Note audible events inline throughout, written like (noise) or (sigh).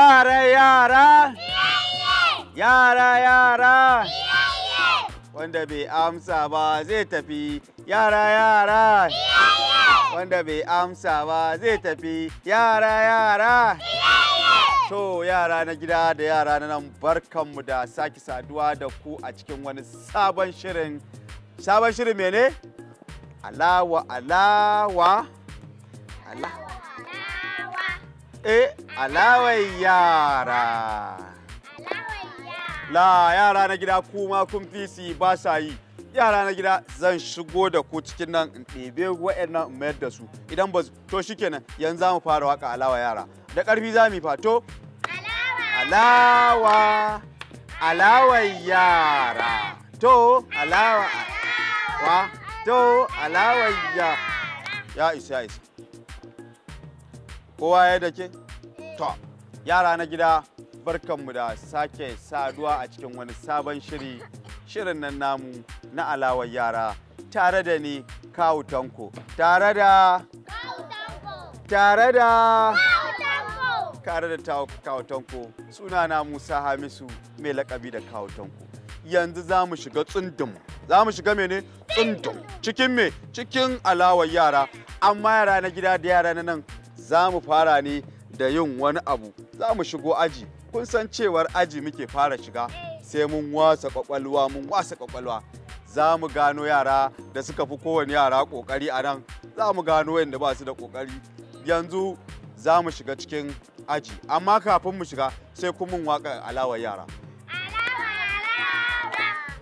Yara yara! Yara yara! Wanda bai amsa ba zai tafi. Yara yara! Wanda bai amsa ba zai tafi. Yara yara! To yara na gida da yara na nan barkanmu da sake saduwa da ku a cikin wani sabon shirin. Sabon shirin mene? Alawa alawa. Alawa. eh alawa yara. La yara na gida kuma kun fi ba sa yi. Yara na gida zan shigo da ku cikin nan in ɗebe waɗannan in mayar da su. Idan ba to shikenan yanzu za mu fara waka alawa yara. Da ƙarfi za mu yi fato. Alawa. alawa yara. To alawa. Wa. To alawa Ya isa isa. kowa ya dake to yara na gida barkanmu da sake saduwa a cikin wani sabon shiri shirin nan namu na alawar yara tare da ni kawu tanko tare da tare da tare da kawu tanko sunana musa hamisu mai lakabi da kawu tanko yanzu za mu shiga tsundum za mu shiga mene tsundum cikin me cikin alawar yara amma yara na gida da yara na nan za mu fara ne da yin wani abu za mu shigo aji kun san cewar aji muke fara shiga sai mun wasa kwakwalwa mun wasa kwakwalwa za mu gano yara da suka fi kowane yara kokari a nan za mu gano yadda ba su da kokari yanzu za mu shiga cikin aji amma kafin mu shiga sai kuma mun waka alawar yara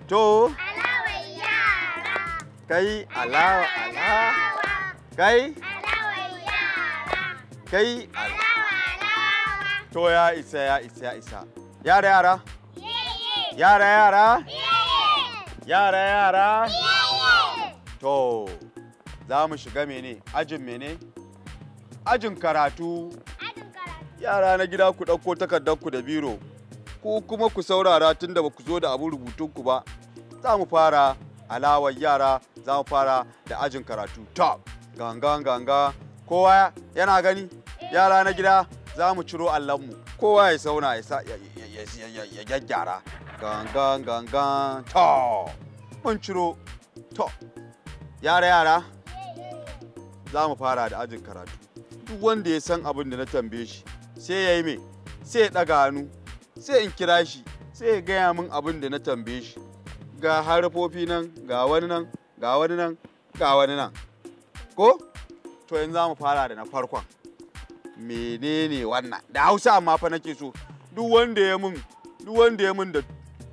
to yara! kai alawa alawa kai kai to ya isa ya isa ya isa yara yara yara yara yara yara to za mu shiga mene ajin mene ajin karatu yara na gida ku ɗauko ku da biro ku kuma ku saurara tunda da ba ku zo da abin ku ba za mu fara alawar yara za mu fara da ajin karatu ta ganga ganga kowa yana gani eh. yara na gida za mu ciro allonmu kowa ya sauna ya gyaggyara gangan gangan to mun ciro to yara yara za mu fara da ajin karatu duk wanda ya san abin da na tambaye shi sai ya yi mai sai ya ɗaga hannu sai in kira shi sai ya gaya min abin da na tambaye shi ga harfofi nan ga wani nan ga wani nan ga wani nan ko to yanzu za mu fara da na farkon menene wannan da hausa amma fa nake so duk wanda ya mun duk wanda ya mun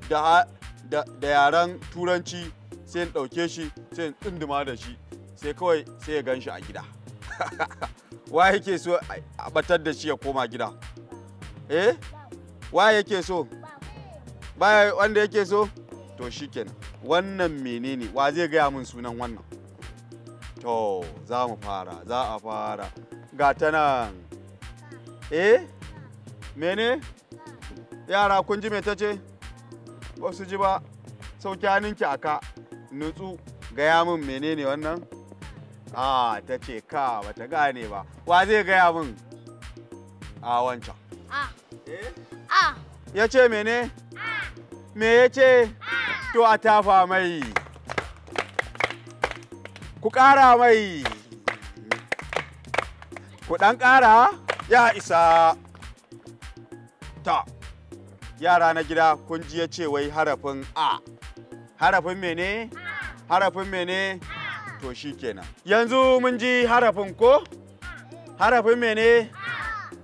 da da yaren turanci sai in dauke shi sai in tsinduma da shi sai kawai sai ya gan shi a gida (laughs) wa yake so a batar da shi ya koma gida eh wa yake so ba wanda yake so to shikenan wannan menene wa zai gaya min sunan wannan To, za mu fara, za a fara. Ga ta nan. Eh? Mene? Yara kun ji me ta ce? Ba su ji ba. Sauki ninki a ka. Nutsu. Gaya min ne wannan? A ta ce ka ba ta gane ba. Wa zai gaya min? A wancan. A. Eh? Ya ce mene? A. Me ya ce? To a tafa mai. ku ƙara mai ku ɗan ƙara ya isa ta yara na gida kun ji ya ce wai harafin a harafin mene harafin mene to shi kenan yanzu mun ji harafin ko harafin mene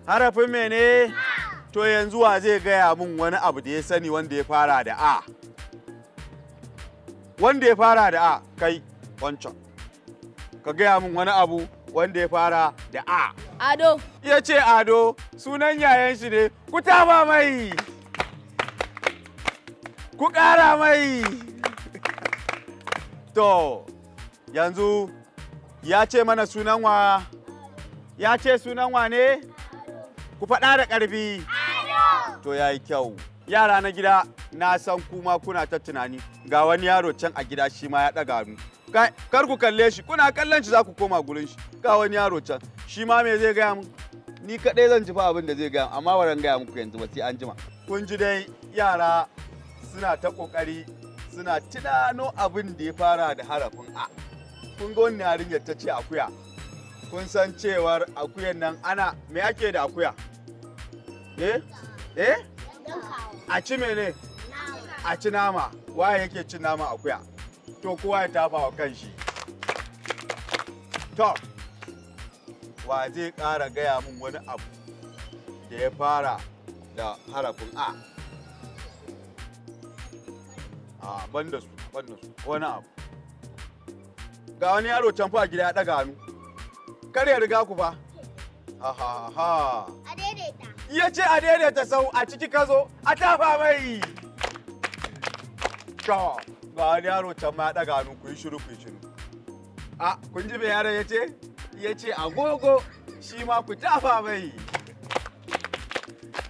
harafin mene to yanzu wa zai gaya mun wani abu da ya sani wanda ya fara da a wanda ya fara da a kai wancan ka gaya min wani abu wanda ya fara da a ado ya ce ado sunan yayan shi ne ku taba mai ku ƙara mai (laughs) to yanzu ya ce mana sunan wa ya ce sunan wa ne ku faɗa da ƙarfi to ya yi kyau yara na gida na san kuma kuna ta tunani ga wani yaro can a gida shi ma ya ɗaga mu kar ku kalle shi kuna kallon shi za ku koma gurin shi ga wani yaro can shi ma me zai gaya mu. ni kadai zan ji fa abin da zai gaya amma waran gaya muku yanzu ba sai an jima kun ji dai yara suna ta kokari suna tunano abin da ya fara da harafin a kun ga wannan yarinyar ta ce akuya kun san cewar akuyan nan ana me ake da akuya eh eh a ci mene a ci nama waye yake cin nama akuya to kowa ya tafa wa kanshi to wa zai ƙara gaya min wani abu da ya fara da harafin a a ban da su ban da su wani abu ga wani yaro can fa gida ya ɗaga hannu kar ya riga ku fa ha ha ha a ya ce a daidaita sau a ciki ka zo a tafa mai to ga wani yaro can ma ya ɗaga hannu ku yi shiru ku yi shiru a kun ji me yaron ya ce ya ce agogo shi ma ku tafa mai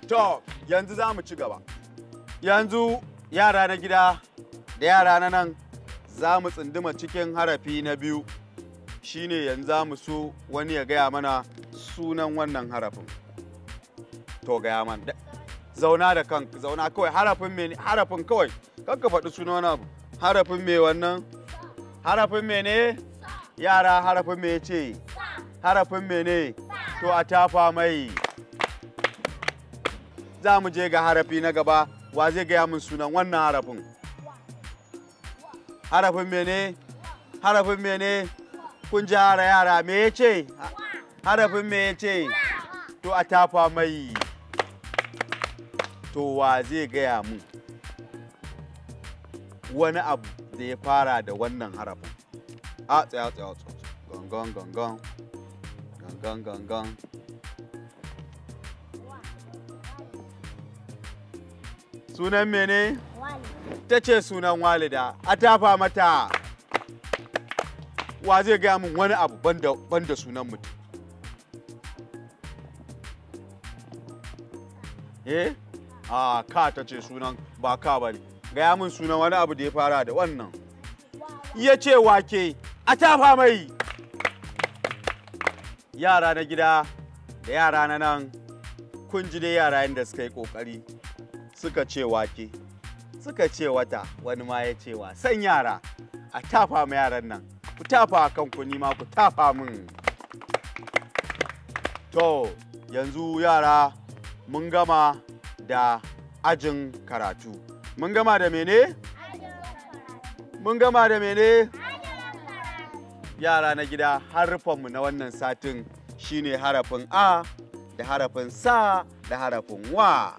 to yanzu za mu ci gaba yanzu yara na gida da yara na nan za mu tsunduma cikin harafi na biyu shine yanzu za mu so wani ya gaya mana sunan wannan harafin to gaya mana zauna da kan zauna kawai harafin harafin kawai kanka faɗi sunan wani abu harafin me wannan harafin me ne yara harafin me ce harafin me ne to a tafa mai za mu je ga harafi na gaba wa zai gaya min sunan wannan harafin harafin me ne harafin me ne kun ji hara yara me ya ce harafin me ya ce to a tafa mai to wa zai gaya min wani abu da ya fara da wannan harafin a tsaya tsaya tsaya gangan gangan gangan gangan sunan mene ta ce sunan walida a tafa mata wa zai gaya min wani abu banda sunan mutum eh a ka ta ce sunan ba ka bane gaya min sunan wani abu da ya fara da wannan ya ce wake a tafa mai yara na gida da yara na nan kun ji dai yara yadda suka yi kokari suka ce wake suka ce wata wani ma ya ce wasan yara a tafa ma yaran nan ku tafa kanku ni ma ku tafa min to yanzu yara mun gama da ajin karatu Mun gama da mene? Mun gama da mene? Yara na gida harfanmu na wannan satin shine harafin A da harafin Sa da harafin Wa.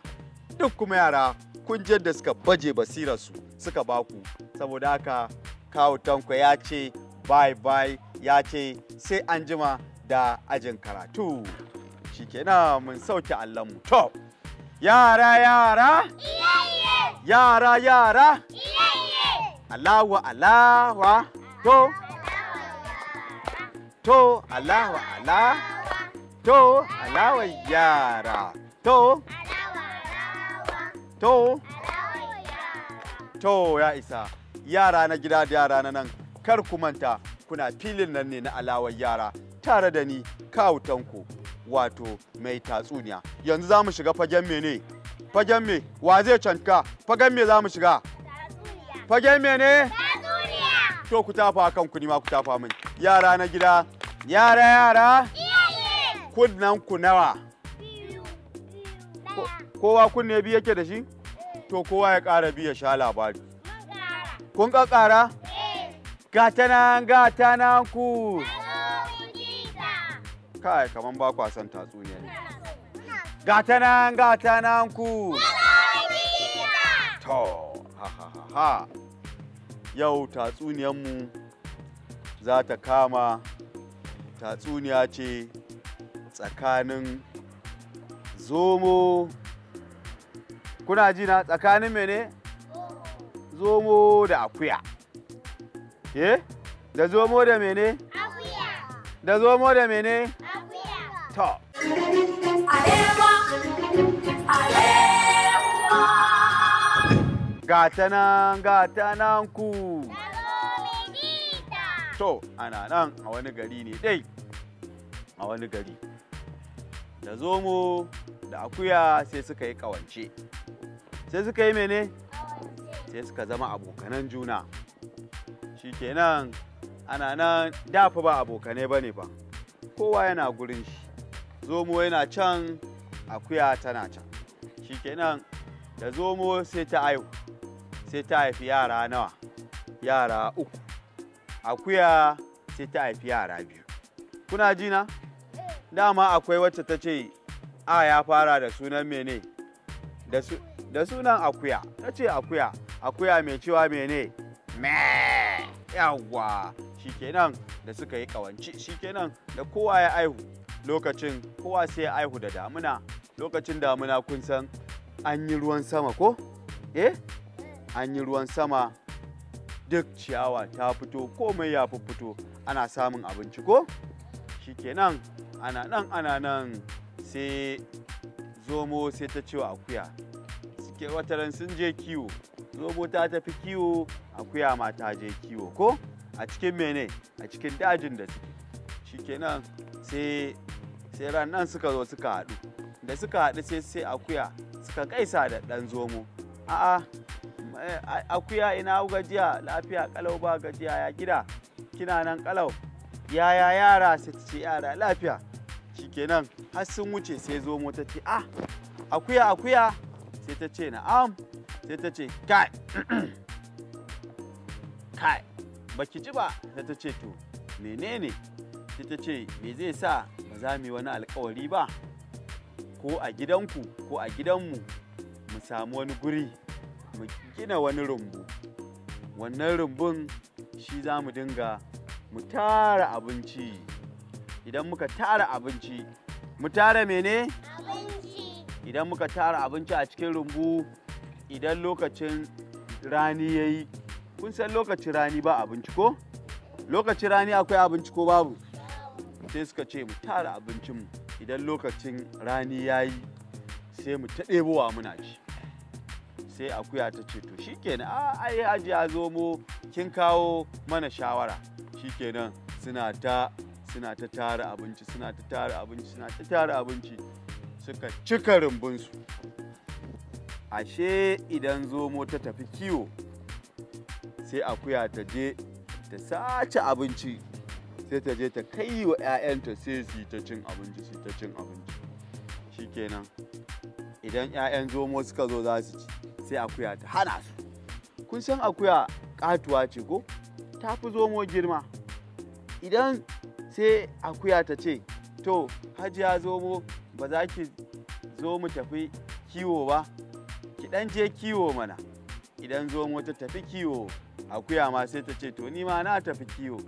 Duk kuma yara kun da suka baje basirarsu suka baku saboda haka kawo tanko ya ce bye bye ya ce sai an jima da ajin karatu. Shikenan mun sauke allonmu. top yara yara? Iyayi! Yara yara. Alawa alawa. To. To alawa ala. To alawa yara. To. To. To ya isa. Yara na gida da yara na nan. Kar ku manta kuna filin nan ne na alawar yara tare da ni kawutanku wato mai tatsuniya. Yanzu za mu shiga fagen mene? fagen me wa zai canka fagen me za mu shiga fagen me ne to ku tafa kanku ni ma ku tafa min yara na gida yara yara kunnan ku nawa kowa kunne biyu yake da shi eh. to kowa ya ƙara biyu ya sha labari kun ƙaƙara eh. gata nan gata nan ku kai kaman ba kwa tatsuniya ne gata nan gata nan ku to ha ha ha ha yau tatsuniyanmu za ta kama tatsuniya ce tsakanin zomo kuna ji na tsakanin mene zomo da akuya ke da zomo da mene akuya da zomo da mene akuya to Gata nan, gata nan ku. To, ana nan a wani gari ne dai, a wani gari. Da zomo da akuya sai suka yi ƙawance. Sai suka yi mene? Sai suka zama abokanan juna. Shikenan ana nan dafa ba abokanai ba ne ba. Kowa yana gurin shi. Zomo yana can akuya tana can shikenan da zomo sai ta ayo sai ta haifi yara nawa yara uku akuya sai ta haifi yara biyu kuna jina dama akwai wacce ta ce a ya fara da sunan mene da sunan akuya ta ce akuya akuya mai cewa mene me yawwa shikenan da suka yi kawanci shikenan da kowa ya aihu lokacin kowa sai aihu da damuna lokacin damuna kun san an yi ruwan sama ko eh an yi ruwan sama duk ciyawa ta fito komai ya fito ana samun abinci ko shikenan ana nan ana nan sai zomo sai ta cewa akuya suke wataran sun je kiwo zomo ta tafi kiwo akuya ma ta je kiwo ko a cikin mene a cikin dajin da suke shikenan sai sai nan suka zo suka haɗu da suka haɗu sai sai akuya suka kaisa da ɗan zomo a'a eh, akuya ina gajiya lafiya kalau ba gajiya ya gida kina nan kalau yaya yara sai ta ce yara lafiya shikenan har sun wuce sai zomo ta ce ah akuya akuya sai ta ce na'am sai ta ce kai (clears throat) kai baki ji ba sai ta ce to menene sai ta ce me zai sa za mu yi wani alkawari ba ko a gidanku ko a gidanmu mu samu wani guri mu gina wani rumbu wannan rumbun shi za mu dinga mu tara abinci idan muka tara abinci mu tara mene idan muka tara abinci a cikin rumbu idan lokacin rani ya yi kun san lokacin rani ba abinci ko lokacin rani akwai abinci ko babu sai suka ce mu tara mu idan lokacin rani ya yi sai mu ta ɗebowa muna ci sai akuya ta ce to shikenan a ai haji ya zo mu kin kawo mana shawara shikenan suna ta suna ta tara abinci suna ta tara abinci suna ta tara abinci suka cika rumbunsu ashe idan zomo ta tafi kiwo sai akuya ta je ta sace abinci sai ta je ta kai wa 'ya'yanta sai su ta cin abinci su ta cin abinci shikenan idan 'ya'yan zomo suka zo za su ci sai akuya ta hana su kun san akuya katuwa ce ko ta fi zomo girma idan sai akuya ta ce to hajiya zomo ba za ki zo mu tafi kiwo ba ki dan je kiwo mana idan zomo ta tafi kiwo akuya ma sai ta ce to ni ma na tafi kiwo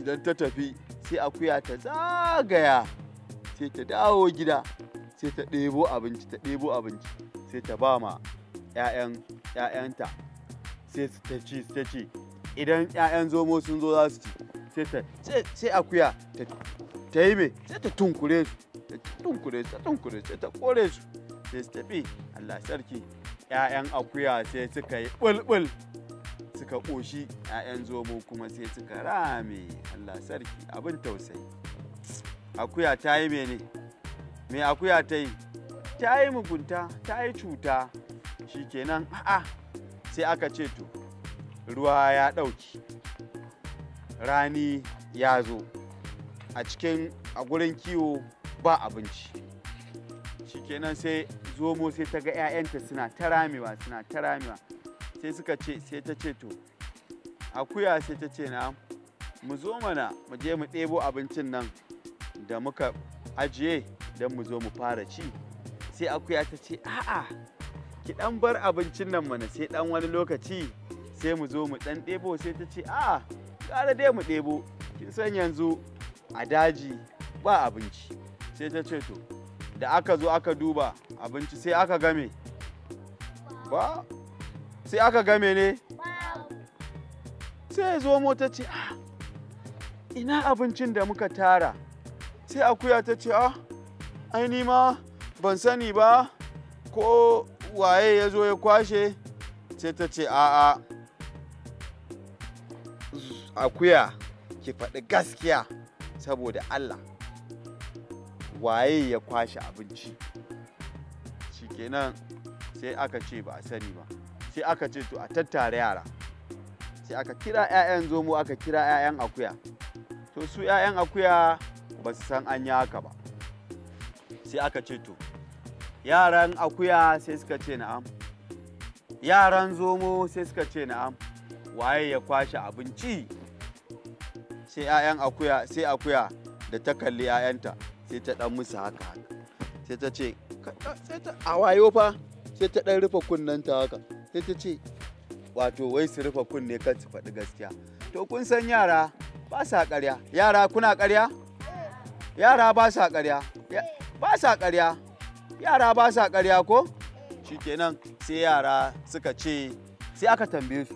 idan ta tafi sai akuya ta zagaya sai ta dawo gida sai ta ɗebo abinci ta ɗebo abinci sai ta ba ma 'ya'yanta sai ta ci ta ci idan 'ya'yan zomo sun zo za su ci sai ta sai akuya ta yi mai sai ta tunkure su ta tunkure su ta tunkure su ta kore su sai su tafi Allah sarki 'ya'yan akuya sai suka yi bulbul suka ƙoshi 'ya'yan zomo kuma sai suka rame Allah sarki abin tausayi akuya ta yi mene me akuya ta yi ta yi mugunta ta yi cuta shikenan a'a sai aka ce to ruwa ya ɗauki rani ya zo a cikin a gurin kiwo ba abinci shikenan sai zomo sai ta ga 'ya'yanta suna ta ramewa suna ta ramewa sai suka ce sai ta ce to akuya sai ta ce na mu zo mana mu je mu ɗebo abincin nan da muka ajiye don mu zo mu fara ci sai akuya ta ce a'a ki ɗan bar abincin nan mana sai ɗan wani lokaci sai mu zo mu ɗan ɗebo sai ta ce a'a ƙara dai mu ɗebo kin san yanzu a daji ba abinci sai ta ce to da aka zo aka duba abinci sai aka game ba sai aka ga mene sai zo mota ce a ah, ina abincin da muka tara sai akuya ta ce a ah, ai ma ban sani ba ko waye ya zo ya kwashe sai ta ce a'a akuya ki faɗi gaskiya saboda Allah waye ya kwashe abinci shikenan sai aka ce ba a sani ba sai aka ce to a tattare yara sai aka kira 'ya'yan zomo aka kira 'ya'yan akuya to su 'ya'yan akuya ba su san an yi haka ba sai aka ce to yaran akuya sai suka ce na'am yaran zomo sai suka ce na'am waye ya kwashe abinci sai 'ya'yan akuya sai akuya da ta kalli 'ya'yanta sai ta dan musu haka haka sai ta ce a wayo fa sai ta dan rufe kunnanta haka sai ta ce wato wai su rufe kunne kan su faɗi gaskiya to kun san yara ba sa ƙarya yara kuna ƙarya yara ba sa ƙarya ba sa ƙarya yara ba sa ƙarya ko shikenan sai yara suka ce sai aka tambaye su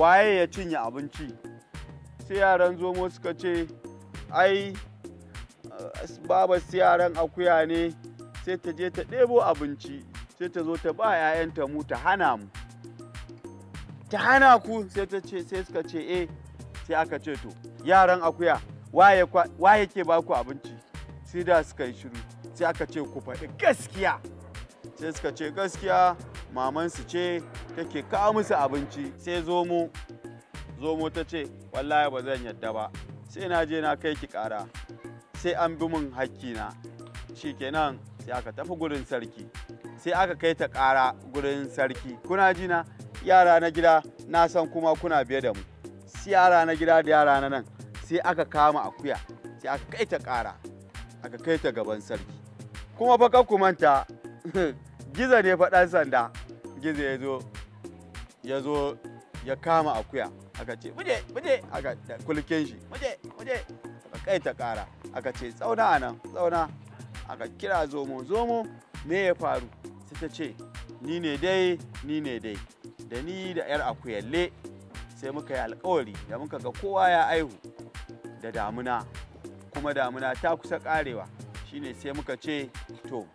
waye ya cinye abinci sai yaran zomo suka ce ai eh, babas yaran akuya ne sai ta je ta ɗebo abinci sai ta zo ta ba 'ya'yanta mu ta hana mu ta ah. hana ku sai ta ce sai suka ce eh sai aka ce to yaran akuya waye ke ba ku abinci sai da suka yi shiru sai aka ce ku faɗi gaskiya sai suka ce gaskiya mamansu ce take kawo musu abinci sai zomo mu ta ce wallahi ba zan yadda ba sai na je na kai ki ƙara sai an bi min hakkina shikenan sai aka tafi gurin sarki sai aka kai ta ƙara gurin sarki kuna jina yara na gida na san kuma kuna biye da mu yara na gida da yara na nan sai aka kama akuya sai aka kai ta ƙara aka kai ta gaban sarki kuma baka manta (laughs) giza ne fa ɗan sanda giza ya zo ya zo ya kama akuya aka ce muje muje aka kulkin shi muje muje aka kai ta ƙara aka ce tsauna a nan tsauna aka kira zomo zomo me ya faru ta ce ni ne dai ni ne dai da ni da 'yar akuyalle sai muka yi alkawari da muka ga kowa ya aihu da damuna kuma damuna ta kusa karewa shine sai muka ce to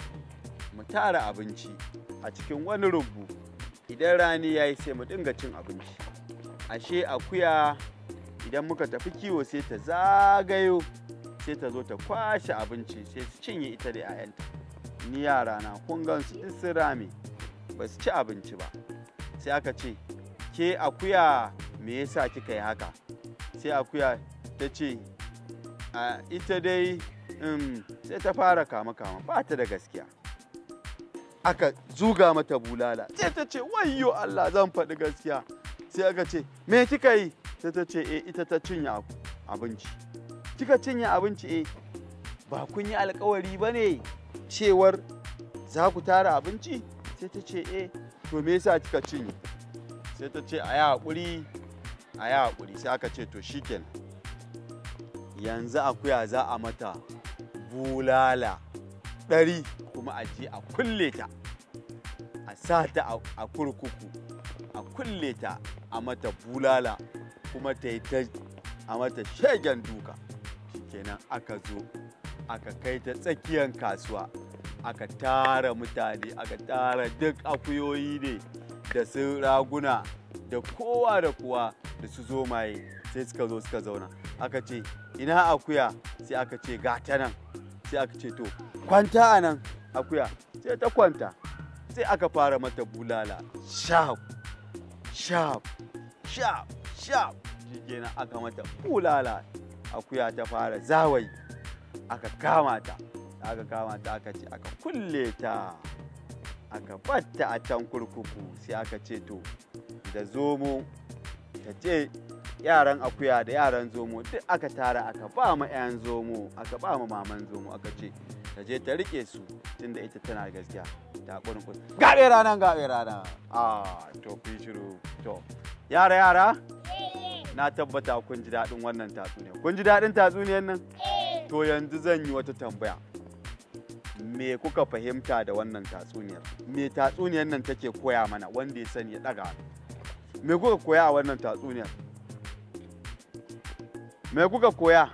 mu tara abinci a cikin wani rubu idan rani ya yi sai mu dinga cin abinci ashe akuya idan muka tafi kiwo sai ta zagayo sai ta zo ta kwashe abinci sai su cinye ita da 'ya'yanta ni yara na kun gansu duk sun rame ba su ci abinci ba sai aka ce ke akuya me yasa kika yi haka sai akuya ta ce ita dai um, sai ta fara kama kama ba ta da gaskiya aka zuga mata bulala sai ta ce wayyo Allah zan faɗi gaskiya sai aka ce me kika yi sai ta ce eh ita ta cinye abinci kika cinye abinci eh ba kun yi alkawari ba ne cewar za ku tara abinci sai ta ce eh to me yasa kika cinye sai ta ce a yi haƙuri a haƙuri sai aka ce to shiken. yanzu akuya za a mata bulala ɗari kuma a je a kulle ta a sa ta a kurkuku a kulle ta a mata bulala kuma ta yi ta a mata shegen duka shikenan aka zo aka kai ta tsakiyar kasuwa aka tara mutane aka tara duk akuyoyi ne da su raguna da kowa da kowa da su zo maye sai suka zo suka zauna aka ce ina akuya sai aka ce gata nan sai aka ce to kwanta a nan akuya sai ta kwanta sai aka fara mata bulala sharp sharp sharp sharp shi aka mata bulala akuya ta fara zawayi aka kama ta aka kama ta aka ce aka kulle ta aka batta a can kurkuku sai aka ce to da zomo ta ce yaran akuya da yaran zomo duk aka tara aka ba ma 'yan zomo aka ba ma maman zomo aka ce ta je ta rike su tunda ita tana gaskiya ta kurin kurin rana gaɓe rana a to ku shiru to yara yara eh, eh. na tabbata kun ji dadin wannan tatsuniya kun ji dadin tatsuniyar nan eh. To yanzu zan yi wata tambaya. Me kuka fahimta da wannan tatsuniyar? Me tatsuniyar nan take koya mana wanda ya sani ya ɗaga Me kuka koya a wannan tatsuniyar? Me kuka koya?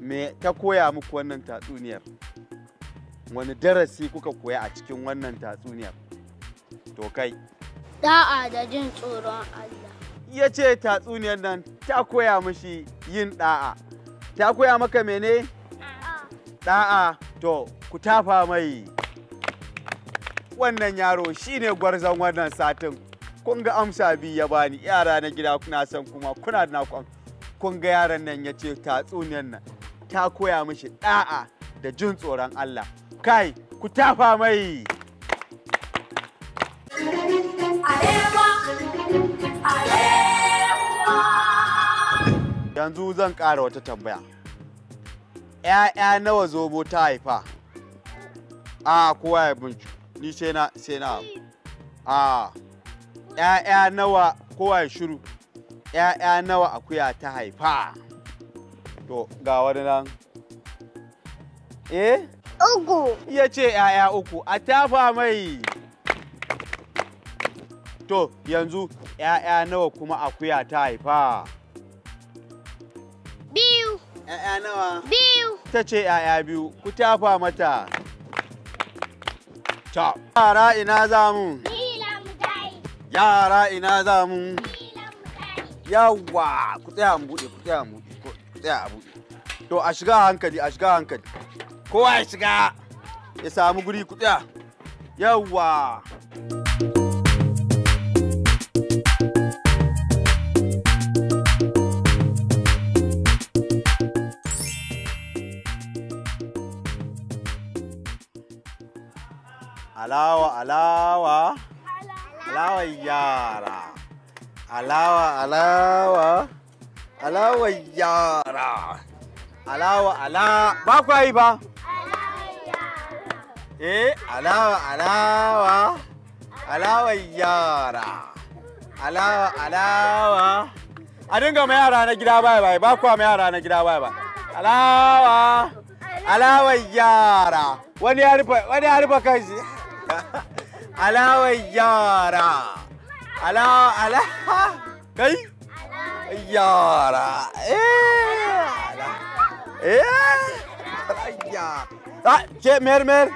Me ta koya muku wannan tatsuniyar? Wani darasi kuka koya a cikin wannan tatsuniyar? To kai. Da'a da jin tsoron Allah. Ya ce tatsuniyar nan ta koya mishi yin da'a ta koya maka mene da'a to ku tafa mai wannan yaro shine gwarzon wannan satin kun ga amsa bi ya bani yara na gida kuna san kuma kuna da nakon kun ga yaran nan ya ce tatsuniyan nan ta koya mishi da'a da jin tsoron Allah kai ku tafa mai yanzu zan ƙara wata tambaya ‘ya'ya nawa zobo ta haifa a kowa ya binci ni sai na sai na a ‘ya'ya nawa kowa ya shiru ‘ya'ya nawa akuya ta haifa to ga wani nan eh Ugu. iya ce ‘ya'ya uku a tafa mai to yanzu ‘ya'ya nawa kuma akuya ta haifa 'Ya'ya nawa? Biyu. Ta ce 'ya'ya biyu, ku tafa mata. Ta. Yara ina za mu? Yara ina za mu? Yawwa, ku tsaya mu buɗe, ku tsaya mu buɗe, ku tsaya a buɗe. To a shiga hankali, a shiga hankali. Kowa ya shiga. Ya samu guri ku tsaya. Yawwa. alawa alawa alawa yara alawa alawa alawa yara alawa ala ba ku yi ba eh alawa alawa alawa yara alawa alawa a dinga mai yara na gida bai bai ba ku mai yara na gida bai bye alawa alawa yara wani ya rufe wani ya rufe kanshi علا ويارا الا علا كي ويارا ايه ايه ايه مير مير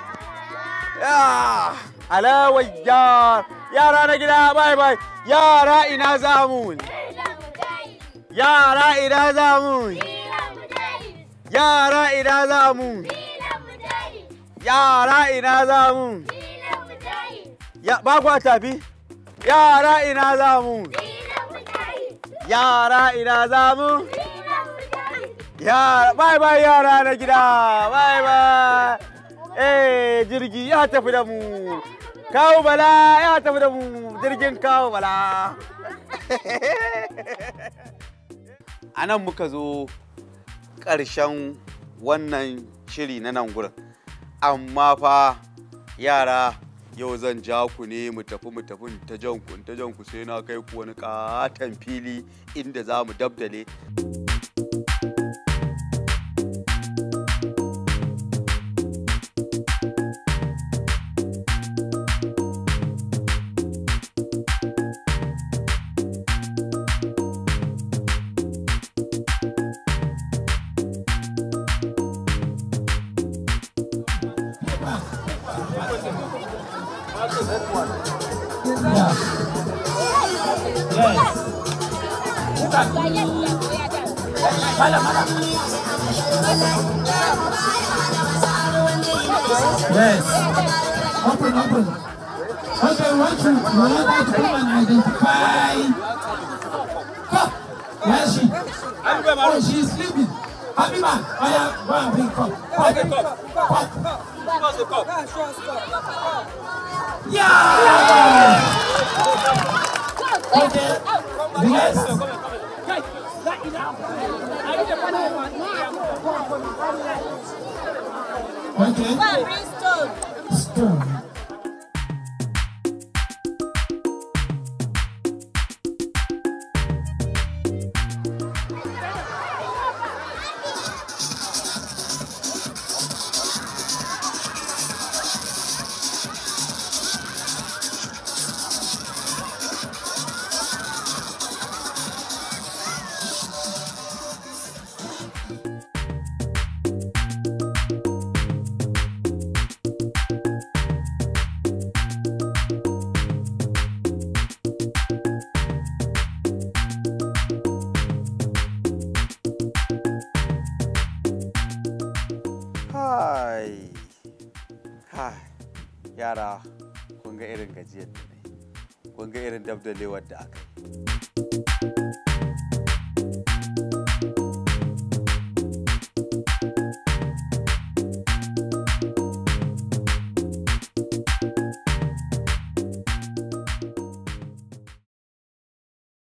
يا علا ويار باي باي يارا إنا زامون يا ina za mu yara ina za mu yara Ya bagwa tafi? Yara ina za mu? Yara ina za mu? Yara, bye bye yara na gida, bye bye. Eh, jirgi ya tafi da mu. Kawo bala ya tafi da mu, jirgin kawo bala. (laughs) A nan muka zo ƙarshen wannan shiri na nan gurin. Amma fa yara yau zan ja ku ne mu tafi mu tafi ta jan ku ta jan ku sai na kai ku wani katon fili inda za mu dabdale. Yes. Open, open. Okay, what you, you are able to come and identify. Come. Where is she? Oh, she is sleeping. Abima, I am, go and bring cup. Cup, cup, cup. cup. Yeah! Okay. The next. Okay. Stone. of the lower dark.